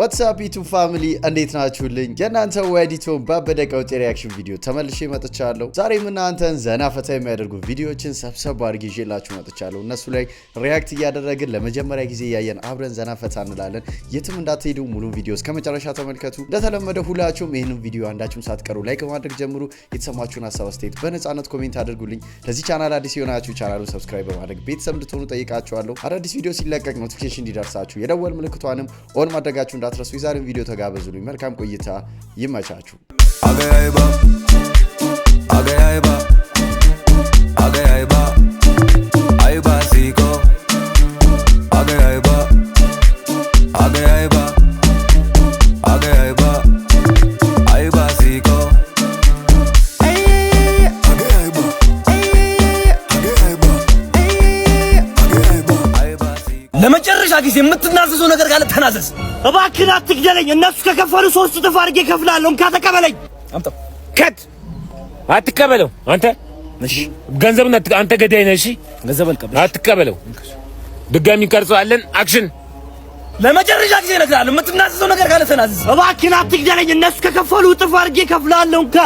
ዋትሳፕ ዩቱብ ፋሚሊ እንዴት ናችሁልኝ? የእናንተ ወዲቶን ባበደ ቀውጤ ሪያክሽን ቪዲዮ ተመልሼ መጥቻለሁ። ዛሬም እናንተን ዘና ፈታ የሚያደርጉ ቪዲዮዎችን ሰብሰብ አድርጌ ይዤላችሁ መጥቻለሁ። እነሱ ላይ ሪያክት እያደረግን ለመጀመሪያ ጊዜ እያየን አብረን ዘና ፈታ እንላለን። የትም እንዳትሄዱ ሙሉ ቪዲዮ እስከ መጨረሻ ተመልከቱ። እንደተለመደ ሁላችሁም ይህንን ቪዲዮ አንዳችሁም ሳትቀሩ ላይክ በማድረግ ጀምሩ። የተሰማችሁን ሀሳብ አስተያየት በነፃነት ኮሜንት አድርጉልኝ። ለዚህ ቻናል አዲስ የሆናችሁ ቻናሉ ሰብስክራይብ በማድረግ ቤተሰብ እንድትሆኑ ጠይቃችኋለሁ። አዳዲስ ቪዲዮ ሲለቀቅ ኖቲፊኬሽን እንዲደርሳችሁ የደወል ምልክቷንም ኦን ማድረጋችሁ እንዳትረሱ። የዛሬን ቪዲዮ ተጋበዙልኝ። መልካም ቆይታ፣ ይመቻችሁ። አገያይባ ጊዜ የምትናዘዘው ነገር ካለ ተናዘዝ። እባክህን አትግደለኝ። እነሱ ከከፈሉ ሶስት እጥፍ አድርጌ እከፍልሃለሁ። እንካ ተቀበለኝ። አምጣው። ከት አትቀበለው። አንተ እሺ፣ ገንዘብ ገንዘብን አንተ ገዳይ ነህ። እሺ፣ ገንዘብ ገንዘብን አትቀበለው። ድጋሚ እንቀርጸዋለን። አክሽን ለመጨረሻ ጊዜ እነግርሃለሁ። የምትናዘዘው ነገር ካለ ተናዘዝ። እባክህን አትግደለኝ። እነሱ ከከፈሉ እጥፍ አድርጌ እከፍልሃለሁ። እንካ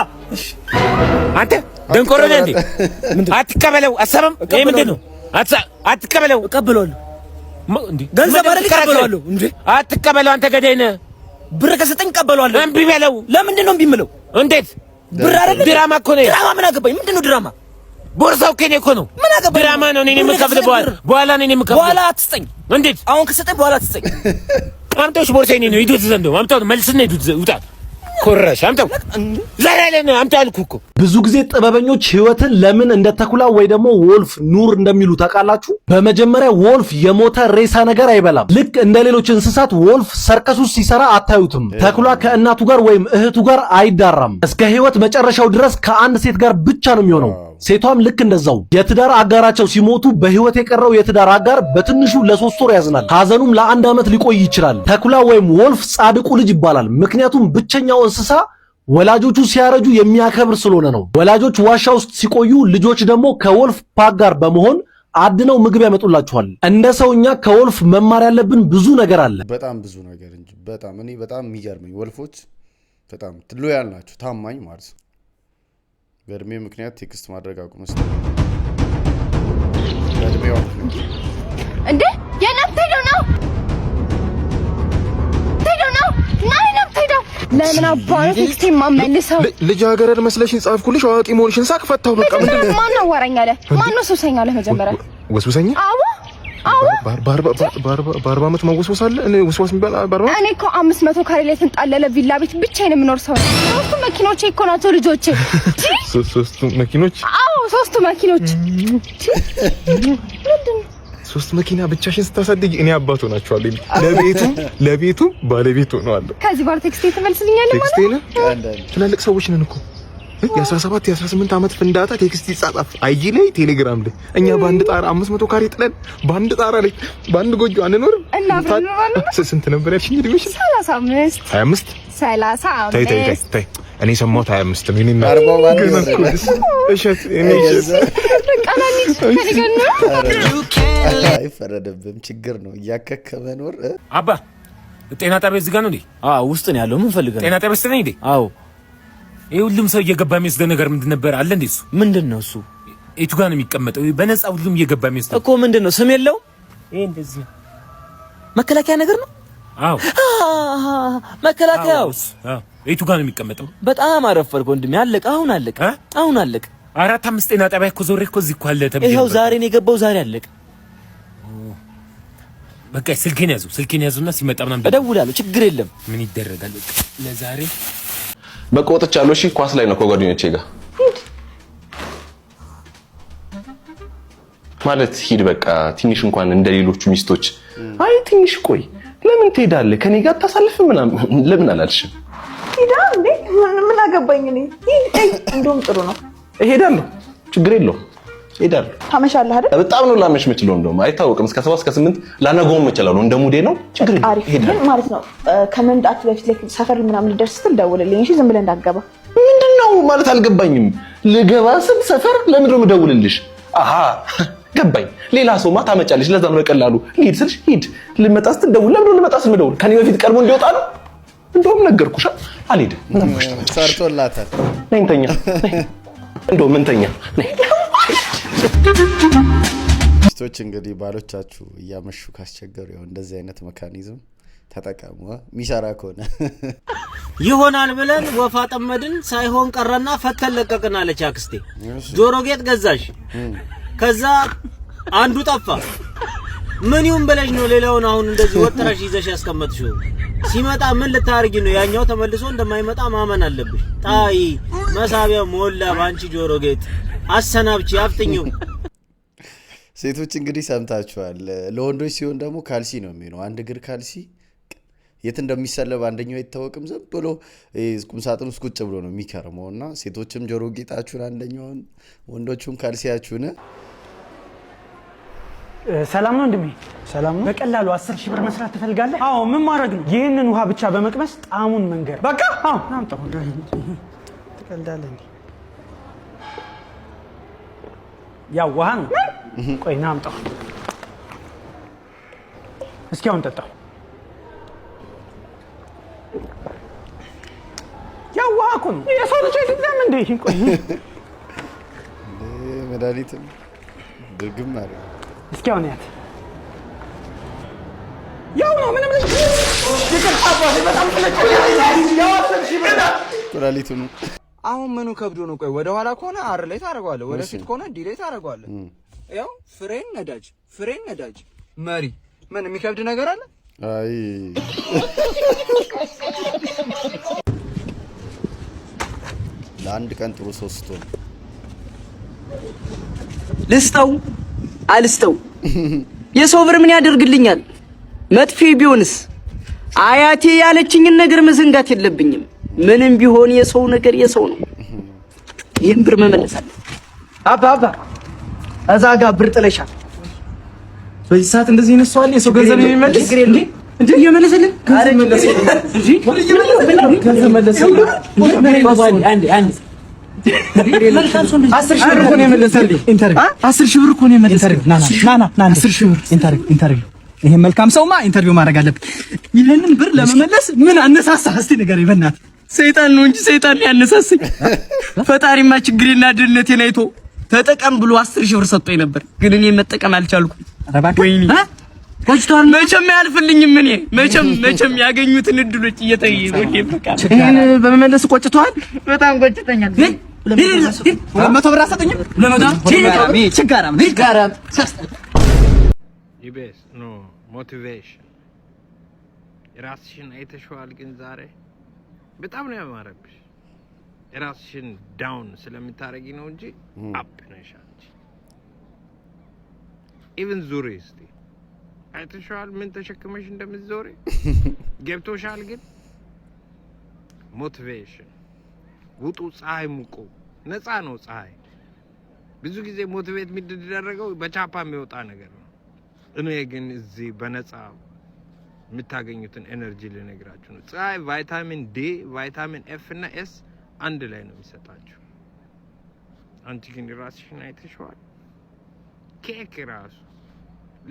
አንተ ደንቆሮ ነህ እንዴ? አትቀበለው። አሰበም ይሄ ምንድን ነው? አትቀበለው። እቀበለዋለሁ አትቀበለው አንተ ገዳይ ነህ። ብር ከሰጠኝ እቀበለዋለሁ። እምቢ በለው። ለምንድን ነው እምቢ የምለው? እንዴት ብር ድራማ እኮ ነው። ድራማ ምን አገባኝ? ምንድን ነው ድራማ? ቦርሳው እኮ ነው። ምን አገባኝ? ድራማ ነው። እኔ በኋላ ነው። እኔ በኋላ አትስጠኝ። እንዴት አሁን ከሰጠኝ በኋላ አትስጠኝ። ነው። ሂዱት ዘንዶ አምጣው። መልስና ሂዱት ውጣ ኮረሽ አምጣው ዘላለም አምጣው አልኩህ እኮ። ብዙ ጊዜ ጥበበኞች ህይወትን ለምን እንደ ተኩላ ወይ ደግሞ ወልፍ ኑር እንደሚሉ ታውቃላችሁ? በመጀመሪያ ወልፍ የሞተ ሬሳ ነገር አይበላም። ልክ እንደ ሌሎች እንስሳት ወልፍ ሰርከሱ ሲሰራ አታዩትም። ተኩላ ከእናቱ ጋር ወይም እህቱ ጋር አይዳራም። እስከ ህይወት መጨረሻው ድረስ ከአንድ ሴት ጋር ብቻ ነው የሚሆነው። ሴቷም ልክ እንደዛው የትዳር አጋራቸው ሲሞቱ በህይወት የቀረው የትዳር አጋር በትንሹ ለሶስት ወር ያዝናል። ሐዘኑም ለአንድ ዓመት ሊቆይ ይችላል። ተኩላ ወይም ወልፍ ጻድቁ ልጅ ይባላል። ምክንያቱም ብቸኛው እንስሳ ወላጆቹ ሲያረጁ የሚያከብር ስለሆነ ነው። ወላጆች ዋሻ ውስጥ ሲቆዩ ልጆች ደግሞ ከወልፍ ፓክ ጋር በመሆን አድነው ምግብ ያመጡላችኋል። እንደ ሰውኛ ከወልፍ መማር ያለብን ብዙ ነገር አለ። በጣም ብዙ ነገር እንጂ በጣም እኔ በጣም የሚገርመኝ ወልፎች በጣም ትሎያል ናቸው ታማኝ ማለት ነው። በእድሜ ምክንያት ቴክስት ማድረግ አቁም ስ በእድሜ እንዴ የለምትሄደው ነው ሄዶ ነው ና የለም ለምን አባረ ቴክስት የማመልሰው ልጅ ሀገረድ መስለሽ የጻፍኩልሽ አዋቂ መሆንሽን ሳቅ ፈታሁ። በቃ ምንድን ማን አዋራኛለህ? ማን ወሰውሰኛለህ? መጀመሪያ ወሰውሰኛ አዎ በአርባ ዓመት ማወስወስ አለ ውስዋስ የሚባል እኔ እኮ አምስት መቶ ካሬ ላይ ስንጣለለ ቪላ ቤት ብቻዬን የምኖር ሰው ነኝ። ሶስቱ መኪኖች እኮ ናቸው ልጆች። ሶስቱ መኪኖች? አዎ ሶስቱ መኪኖች። ሶስት መኪና ብቻሽን ስታሳድጊ እኔ አባቱ ናቸው ለቤቱ ለቤቱ ባለቤቱ ነው አለ። ከዚህ ባር ቴክስቴ ትመልስልኛለህ ማለት ነው። ትላልቅ ሰዎች ነን እኮ የ17 የ18 ዓመት ፍንዳታ ቴክስት ይጻጻፍ አይጂ ላይ ቴሌግራም ላይ እኛ በአንድ ጣራ 500 ካሬ ጥለን በአንድ ጣራ ላይ በአንድ ጎጆ አንኖርም። ስንት ነበር ያልሽኝ 35 35 እኔ ሰማሁት 25 ምን እሸት እኔ ችግር ነው እያከከ መኖር አባ ጤና ጣቢያ እዚህ ጋር ነው ውስጥ ነው ያለው። ምን ፈልገህ ነው ጤና ጣቢያ ውስጥ ይሄ ሁሉም ሰው እየገባ የሚወስደው ነገር ምንድን ነበር አለ እንዴ? እሱ ምንድን ነው እሱ የቱ ጋር ነው የሚቀመጠው? በነፃ ሁሉም እየገባ የሚወስደው እኮ ምንድን ነው? ስም የለው ይሄ እንደዚህ መከላከያ ነገር ነው። አዎ መከላከያው የቱ ጋር ነው የሚቀመጠው? በጣም አረፈድክ ወንድሜ። አለቀ። አሁን አለቀ። አሁን አለቀ። አራት አምስት ጤና ጣቢያ እኮ ዞሬ እኮ እዚህ እኮ አለ ተብዬ ይኸው ዛሬ ነው የገባው። ዛሬ አለቀ። በቃ ስልኬን ያዙ፣ ስልኬን ያዙና ሲመጣ ምናምን እደውላለሁ። ችግር የለም። ምን ይደረጋል። ለዛሬ በቃ ወጥቻለሁ። እሺ ኳስ ላይ ነው ከጓደኞቼ ጋር ማለት ሂድ በቃ ትንሽ እንኳን እንደ ሌሎቹ ሚስቶች አይ ትንሽ ቆይ ለምን ትሄዳለህ ከኔ ጋር ታሳልፍ ምናምን ለምን አላልሽም ሂዳ ምን አገባኝ እኔ እንደውም ጥሩ ነው እሄዳለሁ ችግር የለውም ሄዳል ታመሻለህ አይደል? በጣም ነው ላመሽ የምችለው። እንደውም አይታወቅም እስከ ሰባት እስከ ስምንት ላነገውም ነው። እንደ ሙዴ ነው ችግር ግን ማለት ነው። ከመምጣቱ በፊት ሰፈር ምናምን ልደርስ ስትል ደውልልኝ እሺ። ዝም ብለህ እንዳትገባ። ምንድን ነው ማለት አልገባኝም። ልገባ ስል ሰፈር ለምንድን ነው የምደውልልሽ? አሀ ገባኝ። ሌላ ሰው ሰውማ ታመጫለሽ። ለዛ ነው በቀላሉ ሂድ ስልሽ ሂድ። ልመጣ ስትል ደውል። ለምንድን ነው ልመጣ ስል የምደውል? ከኔ በፊት ቀድሞ እንዲወጣ ነው። እንደውም ነገርኩሽ አልሄድም። ሰርቶላታል። ነይ እንተኛ። እንደውም እንተኛ ሚስቶች እንግዲህ ባሎቻችሁ እያመሹ ካስቸገሩ ያው እንደዚህ አይነት መካኒዝም ተጠቀሙ። ሚሰራ ከሆነ ይሆናል ብለን ወፋ ጠመድን፣ ሳይሆን ቀረና ፈተን ለቀቅን አለች አክስቴ። ጆሮ ጌጥ ገዛሽ፣ ከዛ አንዱ ጠፋ። ምን ይሁን ብለሽ ነው ሌላውን አሁን እንደዚህ ወጥረሽ ይዘሽ ያስቀመጥሽው? ሲመጣ ምን ልታርጊ ነው? ያኛው ተመልሶ እንደማይመጣ ማመን አለብሽ። ጣይ መሳቢያ ሞላ ባንቺ ጆሮ ጌጥ አሰናብቼ አፍጥኝው። ሴቶች እንግዲህ ሰምታችኋል። ለወንዶች ሲሆን ደግሞ ካልሲ ነው የሚሆነው። አንድ እግር ካልሲ የት እንደሚሰለብ አንደኛው አይታወቅም። ዝም ብሎ ቁምሳጥን ውስጥ ቁጭ ብሎ ነው የሚከርመው። እና ሴቶችም ጆሮ ጌጣችሁን አንደኛውን፣ ወንዶቹም ካልሲያችሁን። ሰላም ነው ወንድሜ፣ ሰላም ነው። በቀላሉ አስር ሺህ ብር መስራት ትፈልጋለህ? አዎ። ምን ማድረግ ነው? ይህንን ውሃ ብቻ በመቅመስ ጣዕሙን መንገር። በቃ አዎ። ትቀልዳለህ እንዴ? ያዋሃ ውሃ ነው። ቆይ ና አምጣው እስኪ፣ አሁን ጠጣው። ያው ውሃ እኮ ነው። የሰው ልጅ አይደለም እንዴ? ቆይ መድኃኒትም ድርግም አለ። እስኪ አሁን ያት ያው ነው ምንም ልጅ ይቅርታ፣ በጣም ስለጨ ያው አሰብሽ በጣም አሁን ምኑ ከብዶ ነው? ቆይ ወደኋላ ከሆነ አር ላይ ታደርገዋለህ፣ ወደፊት ከሆነ ዲ ላይ ታደርገዋለህ። ያው ፍሬን፣ ነዳጅ፣ ፍሬን፣ ነዳጅ፣ መሪ። ምን የሚከብድ ነገር አለ? አይ ለአንድ ቀን ጥሩ ሰው ስትሆን ልስተው አልስተው የሰው ብር ምን ያደርግልኛል? መጥፌ ቢሆንስ አያቴ ያለችኝን ነገር መዘንጋት የለብኝም። ምንም ቢሆን የሰው ነገር የሰው ነው። ይህን ብር መመለስ አባ አባ እዛ ጋር ብር ጥለሻ በዚህ ሰዓት እንደዚህ ይነሳዋል። የሰው ገንዘብ የሚመልስ እንዴ? እየመለሰልን ገንዘብ መለሰ አስር ሺህ ብር እኮ ነው የመለሰልኝ። አስር ሺህ ብር እኮ ነው የመለሰልኝ። ኢንተርቪው ይሄ መልካም ሰውማ ኢንተርቪው ማድረግ አለብህ። ይህንን ብር ለመመለስ ምን አነሳሳ እስቲ ንገረኝ በእናትህ ሰይጣን ነው እንጂ ሰይጣን ያነሳሰኝ። ፈጣሪማ ችግሬና ድህነቴን አይቶ ተጠቀም ብሎ አስር ሺህ ብር ሰጥቶኝ ነበር፣ ግን እኔ መጠቀም አልቻልኩም። ወይኔ ወጭቷን መቼም አያልፍልኝም። እኔ መቼም መቼም ያገኙትን እድሎች እየጠየ ወዴ በቃ እኔን በመመለስ ቆጭቷል። በጣም ቆጭተኛል። ለመቶ ብር ኖ ሞቲቬሽን ራስሽን አይተሽዋል ግን ዛሬ በጣም ነው ያማረብሽ። እራስሽን ዳውን ስለምታረጊ ነው እንጂ አፕ ነሽ አንቺ። ኢቭን ዙሪ እስቲ አይተሻል፣ ምን ተሸክመሽ እንደምትዞሪ ገብቶሻል። ግን ሞቲቬሽን ውጡ፣ ፀሐይ ሙቁ። ነፃ ነው ፀሐይ። ብዙ ጊዜ ሞቲቬት የሚደረገው በቻፓ የሚወጣ ነገር ነው። እኔ ግን እዚህ በነፃ የምታገኙትን ኤነርጂ ልነግራችሁ ነው። ፀሐይ ቫይታሚን ዲ፣ ቫይታሚን ኤፍ እና ኤስ አንድ ላይ ነው የሚሰጣችሁ። አንቺ ግን ራስሽን አይተሸዋል። ኬክ ራሱ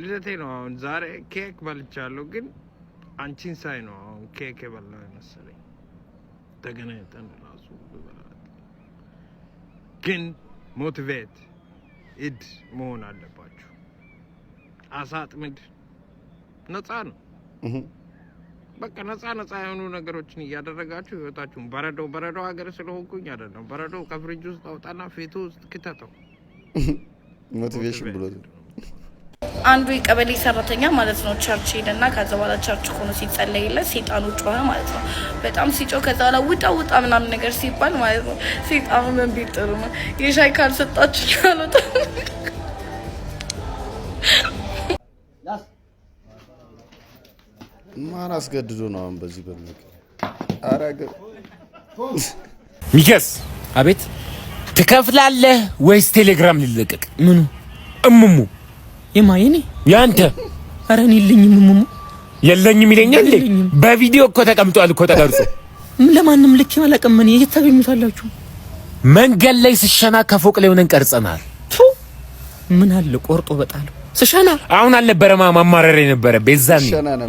ልደቴ ነው አሁን ዛሬ ኬክ በልቻለሁ፣ ግን አንቺን ሳይ ነው አሁን ኬክ የበላሁ መሰለኝ። ተገናኝተን ራሱ ግን ሞቲቬት ኢድ መሆን አለባችሁ። አሳጥምድ ነፃ ነው። በቃ ነፃ ነፃ የሆኑ ነገሮችን እያደረጋችሁ ህይወታችሁን በረዶ በረዶ ሀገር ስለሆንኩኝ አይደለም። በረዶ ከፍሪጅ ውስጥ አውጣና ፌቱ ውስጥ ክተተው። ሞቲቬሽን ብሎ አንዱ የቀበሌ ሰራተኛ ማለት ነው ቸርች ሄደና ከዛ በኋላ ቸርች ሆኖ ሲጸለይለት ሴጣኑ ጮኸ ማለት ነው። በጣም ሲጮህ ከዛ በኋላ ውጣ ውጣ ምናምን ነገር ሲባል ማለት ነው። ሴጣኑ ምን ቢል ጥሩ የሻይ ካልሰጣችሁ ያሉት ማን አስገድዶ ነው? አሁን በዚህ በሚል ሚከስ አቤት ትከፍላለህ ወይስ ቴሌግራም ሊለቀቅ? ምኑ እምሙ የማየኔ ያንተ ኧረ እኔ የለኝም። እምሙ የለኝም ይለኛል። በቪዲዮ እኮ ተቀምጧል እኮ ተቀርጾ። ለማንም ልክ አላውቅም። እኔ የት መንገድ ላይ ስሸና ከፎቅ ላይ ሆነን ቀርጸናል። ምን አለ ቆርጦ በጣለው ስሸና አሁን አልነበረማ ማማረር የነበረ በዛም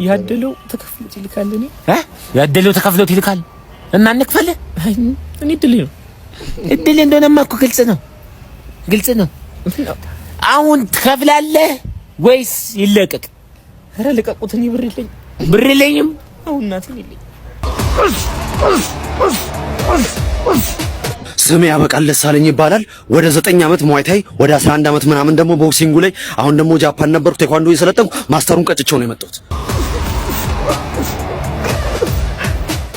ያደለው ተከፍሎት ይልካል። እኔ ያደለው ተከፍሎት ይልካል እና እንክፈለ እኔ እድል ነው እድል እንደሆነማ እኮ ግልጽ ነው ግልጽ ነው። አሁን ትከፍላለህ ወይስ ይለቀቅ? ኧረ ልቀቁት። እኔ ብር የለኝም ብር የለኝም አሁን እናቴን የለኝም ስም ያበቃል ደሳለኝ ይባላል። ወደ ዘጠኝ ዓመት ሙአይታይ ወደ 11 ዓመት ምናምን ደግሞ ቦክሲንጉ ላይ አሁን ደግሞ ጃፓን ነበርኩ ቴኳንዶ እየሰለጠንኩ ማስተሩን ቀጭቸው ነው የመጣሁት።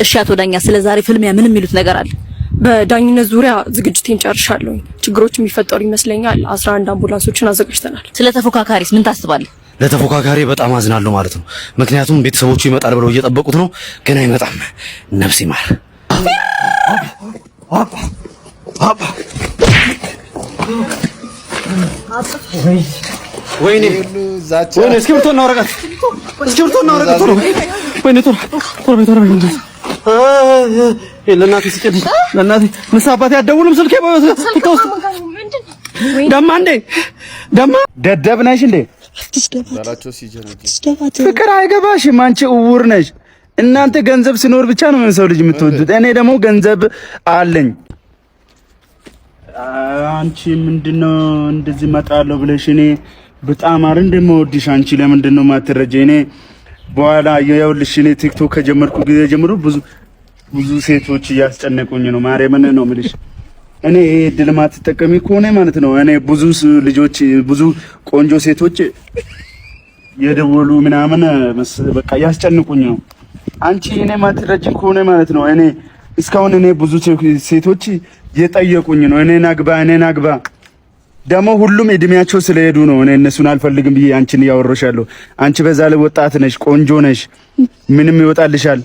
እሺ አቶ ዳኛ ስለ ዛሬ ፍልሚያ ምን የሚሉት ነገር አለ? በዳኝነት ዙሪያ ዝግጅቴን ጨርሻለሁ። ችግሮች የሚፈጠሩ ይመስለኛል። 11 አምቡላንሶችን አዘጋጅተናል። ስለ ተፎካካሪስ ምን ታስባለህ? ለተፎካካሪ በጣም አዝናለሁ ማለት ነው። ምክንያቱም ቤተሰቦቹ ይመጣል ብለው እየጠበቁት ነው፣ ግን አይመጣም። ነፍስ ይማር። ወይኔ ወይኔ፣ እና ወረቀት እና ወረቀት ቶሎ ወይኔ፣ ቶሎ ቶሎ ቶሎ ወረቀት ቶሎ ለእናቴ ስጭልኝ፣ ለእናቴ ንስ አባቴ አትደውልም። ስልኬ በውስጥ ደማ እንዴ ደማ ደደብ ነሽ እንዴ? ፍቅር አይገባሽም አንቺ እውር ነሽ። እናንተ ገንዘብ ሲኖር ብቻ ነው ሰው ልጅ የምትወዱት። እኔ ደግሞ ገንዘብ አለኝ። አንቺ ምንድነው እንደዚህ መጣለሁ ብለሽ እኔ በጣም አር እንደምወድሽ አንቺ ለምንድን ነው የማትረጀ? እኔ በኋላ የውልሽ እኔ ቲክቶክ ከጀመርኩ ጊዜ ጀምሮ ብዙ ብዙ ሴቶች እያስጨነቁኝ ነው። ማርያምን ነው የምልሽ እኔ ይሄ እድል ማትጠቀሚ ከሆነ ማለት ነው እኔ ብዙ ልጆች ብዙ ቆንጆ ሴቶች የደወሉ ምናምን በቃ ያስጨንቁኝ ነው። አንቺ እኔ ማትረጅ ከሆነ ማለት ነው እኔ እስካሁን እኔ ብዙ ሴቶች የጠየቁኝ ነው። እኔን አግባ እኔን አግባ ደግሞ ሁሉም እድሜያቸው ስለሄዱ ነው። እኔ እነሱን አልፈልግም ብዬ አንቺን እያወረሻለሁ። አንቺ በዛ ላይ ወጣት ነሽ፣ ቆንጆ ነሽ፣ ምንም ይወጣልሻል።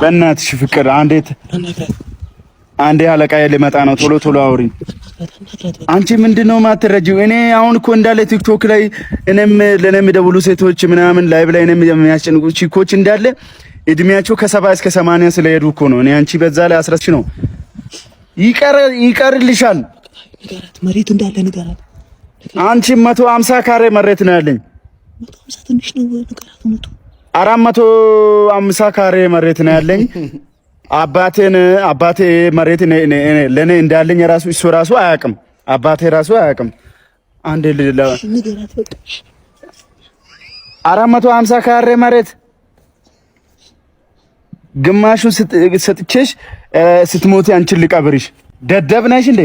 በእናትሽ ፍቅር አንዴት አንዴ አለቃ ሊመጣ ነው። ቶሎ ቶሎ አውሪ። አንቺ ምንድን ነው እኔ አሁን እኮ እንዳለ ቲክቶክ ላይ እኔም ለእኔ የሚደውሉ ሴቶች ምናምን ላይቭ ላይ እኔም የሚያስጨንቁ ቺኮች እንዳለ እድሜያቸው ከሰባ እስከ ሰማንያ ስለሄዱ እኮ ነው። እኔ አንቺ በዛ ላይ አስረች ነው ይቀር ይቀርልሻል። መሬት እንዳለ ንገራት። አንቺ መቶ አምሳ ካሬ መሬት ነው ያለኝ። አራት መቶ ሀምሳ ካሬ መሬት ነው ያለኝ። አባቴን አባቴ መሬት ለእኔ እንዳለኝ ራሱ እሱ ራሱ አያውቅም። አባቴ ራሱ አያውቅም። አንድ አራት መቶ ካሬ መሬት ግማሹን ሰጥቼሽ ስትሞቴ አንቺን ልቀብርሽ። ደደብ ነሽ እንዴ?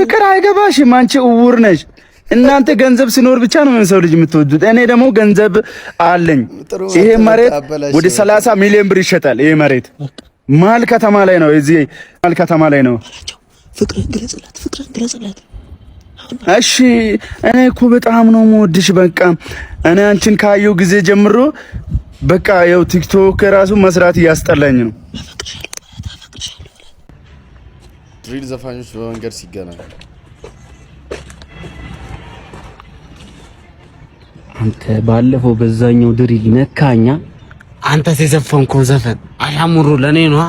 ፍቅር አይገባሽም አንቺ እውር ነሽ። እናንተ ገንዘብ ሲኖር ብቻ ነው ሰው ልጅ የምትወዱት። እኔ ደግሞ ገንዘብ አለኝ። ይሄ መሬት ወደ 30 ሚሊዮን ብር ይሸጣል። ይሄ መሬት ማል ከተማ ላይ ነው። እዚህ ማል ከተማ ላይ ነው። እሺ እኔ እኮ በጣም ነው የምወድሽ። በቃ እኔ አንቺን ካየሁ ጊዜ ጀምሮ በቃ ያው ቲክቶክ ራሱ መስራት እያስጠላኝ ነው። ድሪል ዘፋኞች በመንገድ ሲገናኙ አንተ ባለፈው በዛኛው ድሪል ነካኛ። አንተ የዘፈንከው ዘፈን አሻሙሩ ለኔ ነው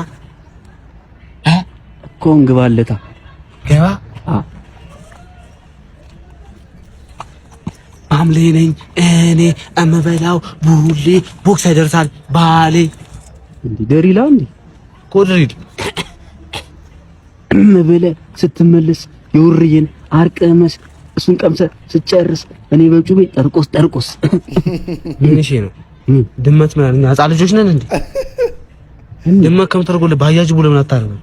እኮ እንግባለታ ገባ አምሌ ነኝ እኔ እምበላው ቡሌ ቦክስ ያደርሳል ባሌ። እንዴ ደሪላ እንዴ ኮድሪድ እምበለህ ስትመለስ የውርዬን አርቀመስ እሱን ቀምሰ ስጨርስ እኔ በጩቤ ጠርቆስ ጠርቆስ። ምን እሺ ነው ድመት ምናምን አጻ ልጆች ነን እንዴ? ድመት ከምትርጎልህ በአያጅቡ ለምን አታረግም?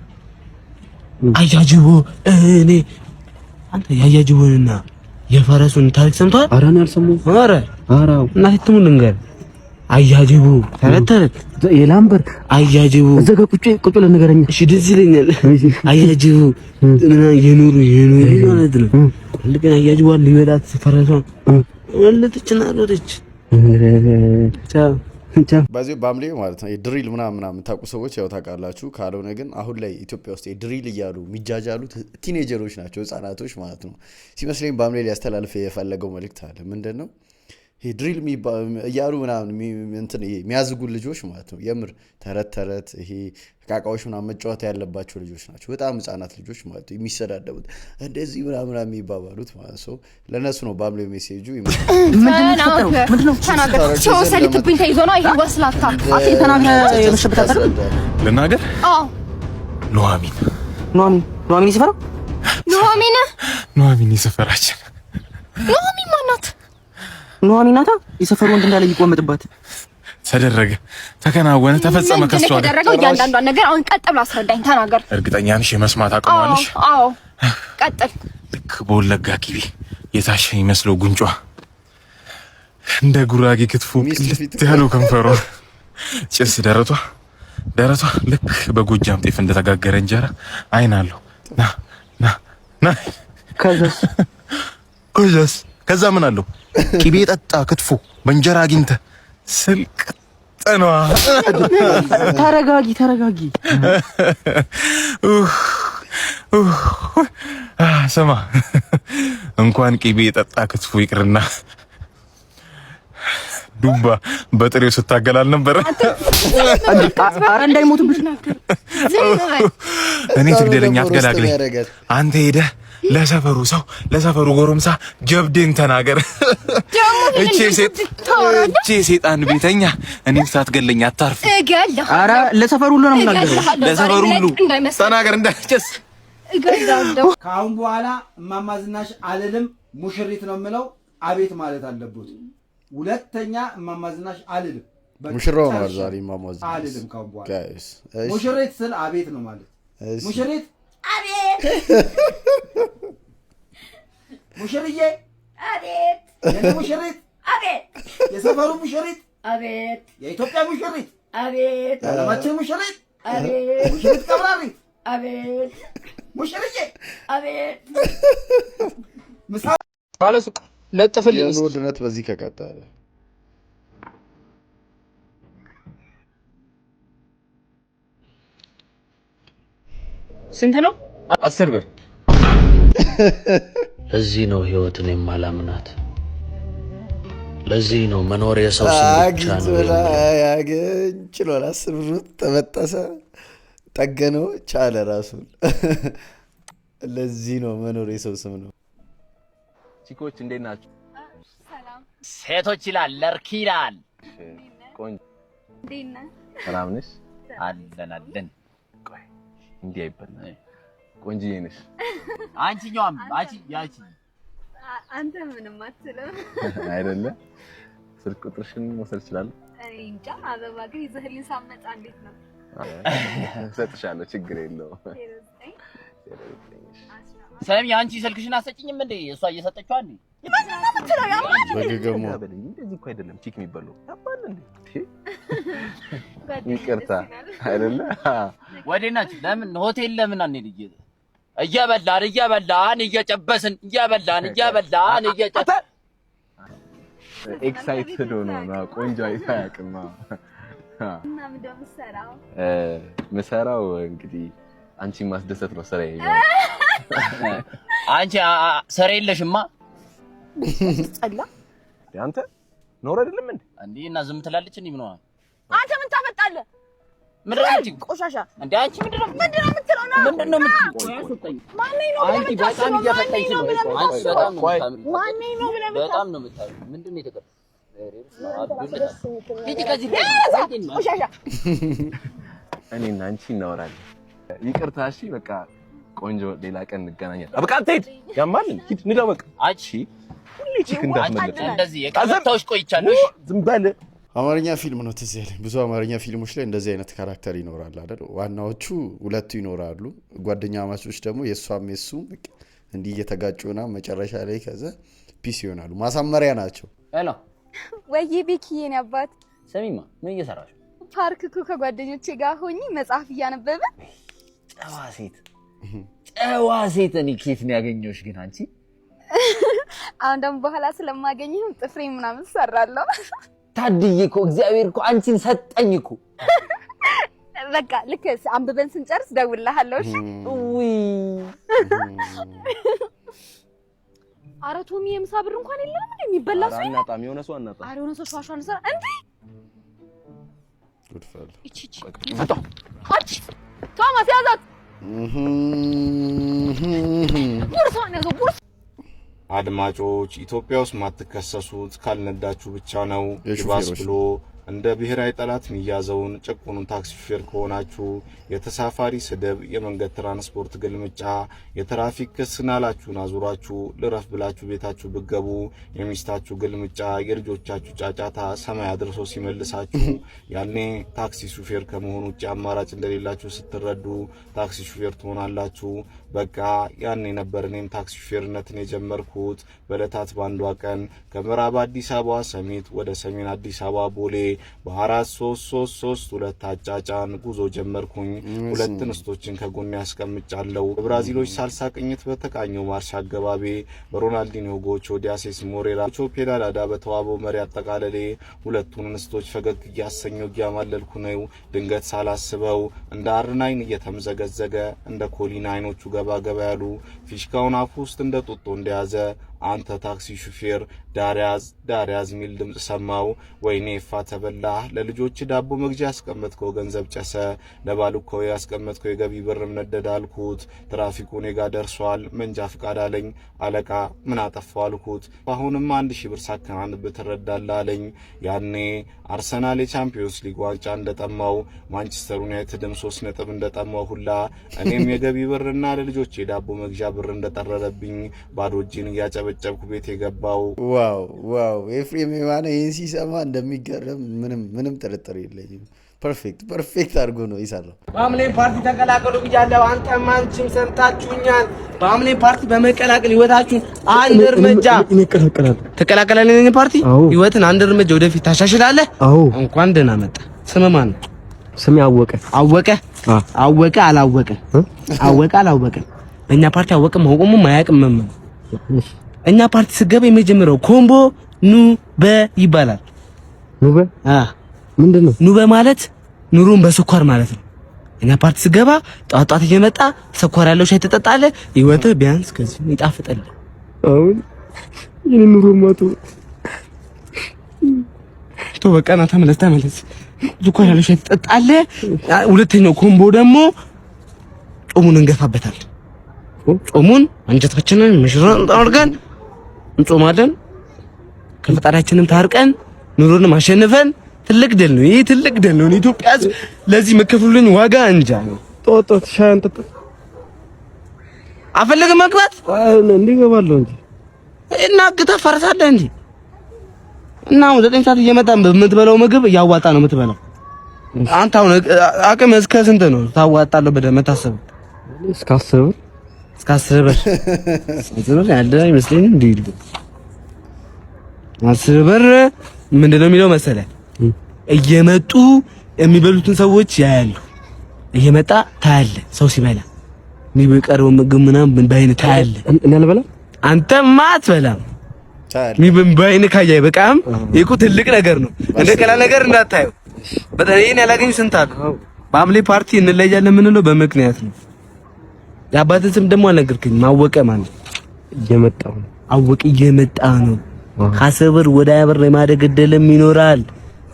አያጅቡ እኔ አንተ የአያጅቡንና የፈረሱን ታሪክ ሰምቷል? ኧረ እኔ አልሰማሁም። ኧረ ኧረ እናቴ ትሙን ልንገር አያጅቡ ተረት ተረት የላምበር አያጅቡ እዛ ጋር ቁጭ ቁጭ ለነገረኛ እሺ፣ ደስ ይለኛል። አያጅቡ የኑሩ የኑሩ ማለት ነው። አንድ ቀን አያጅቧን ሊበላት ፈረሷን ወለደችና ቻው በዚህ በአምሌ ማለት ነው ድሪል ምናምን ምናምን ታውቁ ሰዎች ያው ታውቃላችሁ። ካልሆነ ግን አሁን ላይ ኢትዮጵያ ውስጥ የድሪል እያሉ የሚጃጃሉት ቲኔጀሮች ናቸው፣ ህጻናቶች ማለት ነው። ሲመስለኝ በአምሌ ሊያስተላልፍ የፈለገው መልእክት አለ ምንድን ነው ድሪል እያሉ ምናምን የሚያዝጉ ልጆች ማለት ነው። የምር ተረት ተረት ይሄ እቃቃዎች ምናምን መጫወት ያለባቸው ልጆች ናቸው። በጣም ህጻናት ልጆች ማለት ነው የሚሰዳደቡት እንደዚህ ምናምን የሚባባሉት ማለት ሰው ለእነሱ ነው። በአምሌ ሜሴጁ ሰው ተይዞ ነው ይሄ ወስላታ ልናገር ኑሐሚን ኑሐሚን ኑሐሚን የሰፈራው ኑሐሚን ኑሐሚን የሰፈራችን ኑሐሚን ማናት? ኑሃሚ ናታ የሰፈር ወንድ እንዳለ ይቆመጥባት ተደረገ፣ ተከናወነ፣ ተፈጸመ። ከሷ ጋር ተደረገው እያንዳንዷን ነገር አሁን ቀጥ ብላ አስረዳኝ፣ ተናገር። እርግጠኛ ነሽ የመስማት አቅም አዎ። ቀጥል። ልክ በወለጋ ቂቤ የታሸ ይመስለው ጉንጯ እንደ ጉራጌ ክትፎ ቅልት ያለው ከንፈሯ፣ ጭስ ደረቷ ደረቷ ልክ በጎጃም ጤፍ እንደተጋገረ እንጀራ አይን አለው። ና ና ና። ከዛስ ከዛስ ከዛ ምን አለው ቂቤ ጠጣ ክትፎ በእንጀራ አግኝተ ስልቅ ጠኗ። ተረጋጊ ተረጋጊ። ስማ እንኳን ቂቤ ጠጣ ክትፎ ይቅርና ዱባ በጥሬው ስታገላል ነበር። እኔ ትግደለኛ አትገላግለኝ አንተ ሄደህ ለሰፈሩ ሰው ለሰፈሩ ጎረምሳ ጀብዴን ተናገር። እቺ ሴጣን ቤተኛ እኔም ሳትገለኝ አታርፍ። ኧረ ለሰፈሩ ሁሉ ነው የምናገረው፣ ለሰፈሩ ሁሉ ተናገር እንዳይጨስ። ከአሁን በኋላ እማማ ዝናሽ አልልም ሙሽሪት ነው የምለው። አቤት ማለት አለበት። ሁለተኛ እማማ ዝናሽ አልልም ሙሽራ ሆኗል ዛሬ እማማ ዝናሽ አልልም። ከአሁን በኋላ ሙሽሪት ስል አቤት ነው ማለት ሙሽሪት አቤት ሙሽርዬ፣ አቤት ሙሽሪት፣ አቤት የሰፈሩ ሙሽሪት፣ አቤት የኢትዮጵያ ሙሽሪት፣ አቤት የዓለማችን ሙሽሪት፣ አቤት ሙሽሪት ቀብራሪት፣ አቤት ሙሽርዬ፣ አቤት ባለሱቅ ለጥፍልኝ ውድነት በዚህ ከቀጠለ ስንት ነው? አስር ብር። እዚህ ነው ህይወትን የማላምናት። ለዚህ ነው መኖር የሰው ያገኝ ችሏል። አስር ብር ተበጠሰ፣ ጠገነው፣ ቻለ ራሱን። ለዚህ ነው መኖር የሰው ስም ነው። ቺኮች እንዴት ናቸው? ሴቶች ይላል ለርኪ ይላል። ቆንጆ ሰላም ነሽ? አለን አለን እንዲህ አይባልም። ቆንጅዬ ነሽ አንቺኛዋም አንቺ ያቺ አንተ ምንም አትልም አይደለ? ስልክ ቁጥርሽን መውሰድ እችላለሁ? እንጃ። አበባ ግን ይዘህልኝ ሳመጣ እንዴት ነው? እሰጥሻለሁ፣ ችግር የለውም። ሰሚ አንቺ ስልክሽን አትሰጭኝም እንዴ? እሷ እየሰጠችዋ እንዴ? በገገሞ አይደለም ቺክ የሚባለው ይቅርታ አይደለ ወዴት ናችሁ? ለምን ሆቴል ለምን አንሄድ? እየበላን እየበላን እየጨበስን እየበላን እየበላን እየጨበስን ኤክሳይትድ ሆኖ ነው። ቆንጆ አይታ ያቅማ ምሰራው እንግዲህ አንቺ ማስደሰት ነው ስራ። አንቺ ስራ የለሽማ ጸላ አንተ ኖር አይደለም እንዴ? እና ዝም ትላለች። ምን አንተ ምን ታመጣለህ? ቆሻሻ እንደ አንቺ ነው የምትለው? እኔና አንቺ እናወራለን። ይቅርታ እሺ፣ በቃ ቆንጆ፣ ሌላ ቀን እንገናኛለን። በቃ አትሄድ፣ ያማል። ሂድ፣ ንዳ፣ በቃ አንቺ ሁሌ ቺክ እንዳትመለጥ። እንደዚህ የቀረታዎች ቆይቻለሁ። ዝም በል አማርኛ ፊልም ነው ትዝ ያለኝ። ብዙ አማርኛ ፊልሞች ላይ እንደዚህ አይነት ካራክተር ይኖራል አይደል? ዋናዎቹ ሁለቱ ይኖራሉ። ጓደኛ ማቾች ደግሞ የእሷም የሱም እንዲህ እየተጋጩና መጨረሻ ላይ ከዛ ፒስ ይሆናሉ። ማሳመሪያ ናቸው። ሄሎ ወይ ቤኪዬን አባት ሰሚማ፣ ምን እየሰራሽ? ፓርክ እኮ ከጓደኞቼ ጋር ሆኜ መጽሐፍ እያነበበ። ጨዋ ሴት ጨዋ ሴት። እኔ ኬት ነው ያገኘሁሽ ግን አንቺ። አሁን ደግሞ በኋላ ስለማገኝህም ጥፍሬ ምናምን ሰራለሁ ታድዬ እኮ እግዚአብሔር እኮ አንቺን ሰጠኝ እኮ። በቃ ልክ አንብበን ስንጨርስ ደውልልሃለሁ። እሺ? ውይ ኧረ ቶሚ የምሳ ብር እንኳን የለም እንዴ? የሚበላ ሰው አናጣም። የሆነ ሰው አናጣም። የሆነ ሰው ሰራ እንዴ? እቺ እቺ ቶማስ ያዛት ያዘው ጉርሷን አድማጮች ኢትዮጵያ ውስጥ ማትከሰሱት ካልነዳችሁ ብቻ ነው። ይባስ ብሎ እንደ ብሔራዊ ጠላት የሚያዘውን ጭቁኑን ታክሲ ሹፌር ከሆናችሁ የተሳፋሪ ስድብ፣ የመንገድ ትራንስፖርት ግልምጫ፣ የትራፊክ ክስ ናላችሁን አዙራችሁ ልረፍ ብላችሁ ቤታችሁ ብገቡ የሚስታችሁ ግልምጫ፣ የልጆቻችሁ ጫጫታ ሰማይ አድርሶ ሲመልሳችሁ ያኔ ታክሲ ሹፌር ከመሆኑ ውጭ አማራጭ እንደሌላችሁ ስትረዱ ታክሲ ሹፌር ትሆናላችሁ። በቃ ያኔ ነበር እኔም ታክሲ ሹፌርነትን የጀመርኩት። በዕለታት በአንዷ ቀን ከምዕራብ አዲስ አበባ ሰሚት ወደ ሰሜን አዲስ አበባ ቦሌ በአራት ሶስት ሶስት ሶስት ሁለት አጫጫን ጉዞ ጀመርኩኝ። ሁለት እንስቶችን ከጎን ያስቀምጫለው። በብራዚሎች ሳልሳ ቅኝት በተቃኘው ማርሻ አገባቤ በሮናልዲኒዮ ጎቾ፣ ዲያሴስ ሞሬራ ቾ ፔዳዳዳ በተዋበው መሪ አጠቃለሌ ሁለቱን እንስቶች ፈገግ እያሰኘው እያማለልኩ ነው። ድንገት ሳላስበው እንደ አርናይን እየተምዘገዘገ እንደ ኮሊና አይኖቹ ገባ ገባ ያሉ ፊሽካውን አፉ ውስጥ እንደ ጡጦ እንደያዘ አንተ ታክሲ ሹፌር ዳሪያዝ ዳሪያዝ ሚል ድምፅ ሰማው። ወይኔ ይፋ ተበላ። ለልጆች ዳቦ መግዣ ያስቀመጥከው ገንዘብ ጨሰ። ለባልኮ ያስቀመጥከው የገቢ ብርም ነደደ አልኩት። ትራፊኩ እኔ ጋ ደርሷል። መንጃ ፍቃድ አለኝ። አለቃ ምን አጠፋው አልኩት። አሁንም አንድ ሺህ ብር ሳከናንብህ ትረዳለህ አለኝ። ያኔ አርሰናል የቻምፒዮንስ ሊግ ዋንጫ እንደጠማው ማንቸስተር ዩናይትድም ሶስት ነጥብ እንደጠማው ሁላ እኔም የገቢ ብርና ለልጆች ዳቦ መግዣ ብር እንደጠረረብኝ ባዶ እጄን እያጨበ እያጨበጨብኩ ቤት የገባው። ዋው ዋው! ኤፍሬም የማነ ይህን ሲሰማ እንደሚገርም ምንም ጥርጥር የለኝም። ፐርፌክት ፐርፌክት አድርጎ ነው የሰራው። በአምሌን ፓርቲ ተቀላቀሉ ብያለሁ። አንተ ማንችም ሰምታችሁኛል። በአምሌን ፓርቲ በመቀላቀል ህይወታችሁን አንድ እርምጃ ተቀላቀላል እኔ ፓርቲ ህይወትን አንድ እርምጃ ወደፊት ታሻሽላለህ። እንኳን ደህና መጣ። ስምህ ማን ነው? ስሜ አወቀ። አወቀ አወቀ አላወቀ አወቀ አላወቀ። በእኛ ፓርቲ አወቀ ማውቀሙ ማያቅምም እኛ ፓርቲ ስገባ የመጀመሪያው ኮምቦ ኑበ ይባላል። ኑበ አ ምንድን ነው ኑበ ማለት? ኑሮን በስኳር ማለት ነው። እኛ ፓርቲ ስገባ ጧት ጧት እየመጣ ስኳር ያለው ሻይ ትጠጣለህ፣ ህይወትህ ቢያንስ ከዚህ ይጣፍጣል። አሁን ይሄን ኑሮ ማጡ ቶ በቃ ና ተመለስ፣ ተመለስ። ስኳር ያለው ሻይ ትጠጣለህ። ሁለተኛው ኮምቦ ደግሞ ጾሙን እንገፋበታል። ጾሙን አንጀታችንን ምሽራን አድርገን እንጾማለን ከፈጣሪያችንን ታርቀን ኑሮን አሸንፈን ትልቅ ድል ነው። ይሄ ትልቅ ድል ነው። ኢትዮጵያ ሕዝብ ለዚህ መከፍሉልኝ ዋጋ እንጃ ነው። ጦጦት ሻንት አፈልግም መግባት እንዲገባለሁ እንጂ እና ግታ ፈርሳለህ እንጂ እና አሁን ዘጠኝ ሰዓት እየመጣን በምትበላው ምግብ እያዋጣ ነው የምትበላው። አንተ አሁን አቅም እስከ ስንት ነው ታዋጣለህ? በደምብ መታሰብ እስከ አስብ እስከ አስር ብር አስር ብር ያለ አይመስለኝም። እንዲህ አስር ብር ምንድን ነው የሚለው መሰለህ? እየመጡ የሚበሉትን ሰዎች ያያሉ። እየመጣ ታያለህ፣ ሰው ሲበላ የሚቀርበው ምግብ ምናምን በዐይንህ ታያለህ። እኔ አልበላም፣ አንተማ አትበላም። በዐይንህ ካየህ በቃም ይሄ ትልቅ ነገር ነው። እንደ ቀላል ነገር እንዳታየው። በጣም ይሄን ያላገኙ ስንት አሉ። በሐምሌ ፓርቲ እንለያለን የምንለው በምክንያት ነው። የአባትን ስም ደግሞ አልነገርከኝም። አወቀ ማለት ነው። አወቀ እየመጣ ነው። ካሰብር ወደ አብር የማደግ እድልም ይኖራል።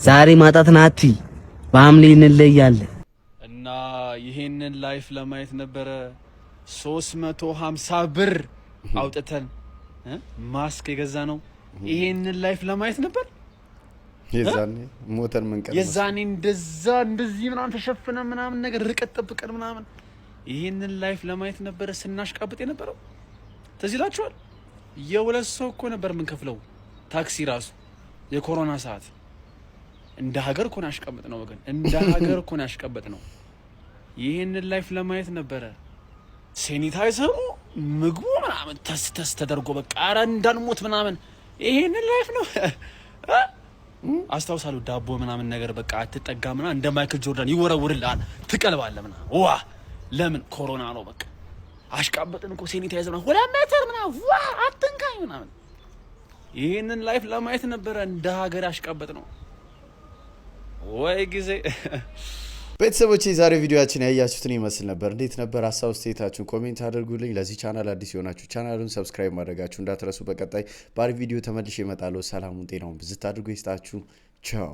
ዛሬ ማጣት ናቲ በሐምሌ እንለያለን እና ይሄንን ላይፍ ለማየት ነበረ 350 ብር አውጥተን ማስክ የገዛ ነው። ይሄንን ላይፍ ለማየት ነበር የዛኔ ሞተን መንቀል የዛኔ እንደዛ እንደዚህ ምናምን ተሸፍነ ምናምን ነገር ርቀት ጠብቀን ምናምን ይህንን ላይፍ ለማየት ነበረ ስናሽቃብጥ የነበረው ትዝ ይላችኋል። የሁለት ሰው እኮ ነበር የምንከፍለው ታክሲ ራሱ የኮሮና ሰዓት እንደ ሀገር እኮ ነው ያሽቀበጥ ነው ወገን፣ እንደ ሀገር እኮ ነው ያሽቀበጥ ነው። ይህንን ላይፍ ለማየት ነበረ ሴኒታይዘሩ ምግቡ ምናምን ተስ ተስ ተደርጎ በቃ ኧረ እንዳንሞት ምናምን ይሄንን ላይፍ ነው አስታውሳለሁ። ዳቦ ምናምን ነገር በቃ አትጠጋ ምናምን እንደ ማይክል ጆርዳን ይወረውርልሃል፣ ትቀልባለህ ምናምን ዋ ለምን ኮሮና ነው በቃ አሽቃበጥን እኮ ሴኒታይዘር ምናምን ሁለት ሜትር ምናምን ዋ አትንካኝ ምናምን ይህንን ላይፍ ለማየት ነበረ እንደ ሀገር አሽቃበጥ ነው ወይ ጊዜ ቤተሰቦች የዛሬ ቪዲዮችን ያያችሁትን ይመስል ነበር እንዴት ነበር ሀሳብ ስቴታችሁን ኮሜንት አድርጉልኝ ለዚህ ቻናል አዲስ የሆናችሁ ቻናሉን ሰብስክራይብ ማድረጋችሁ እንዳትረሱ በቀጣይ ባሪ ቪዲዮ ተመልሼ እመጣለሁ ሰላሙን ጤናውን ብዝት አድርጎ ይስጣችሁ ቻው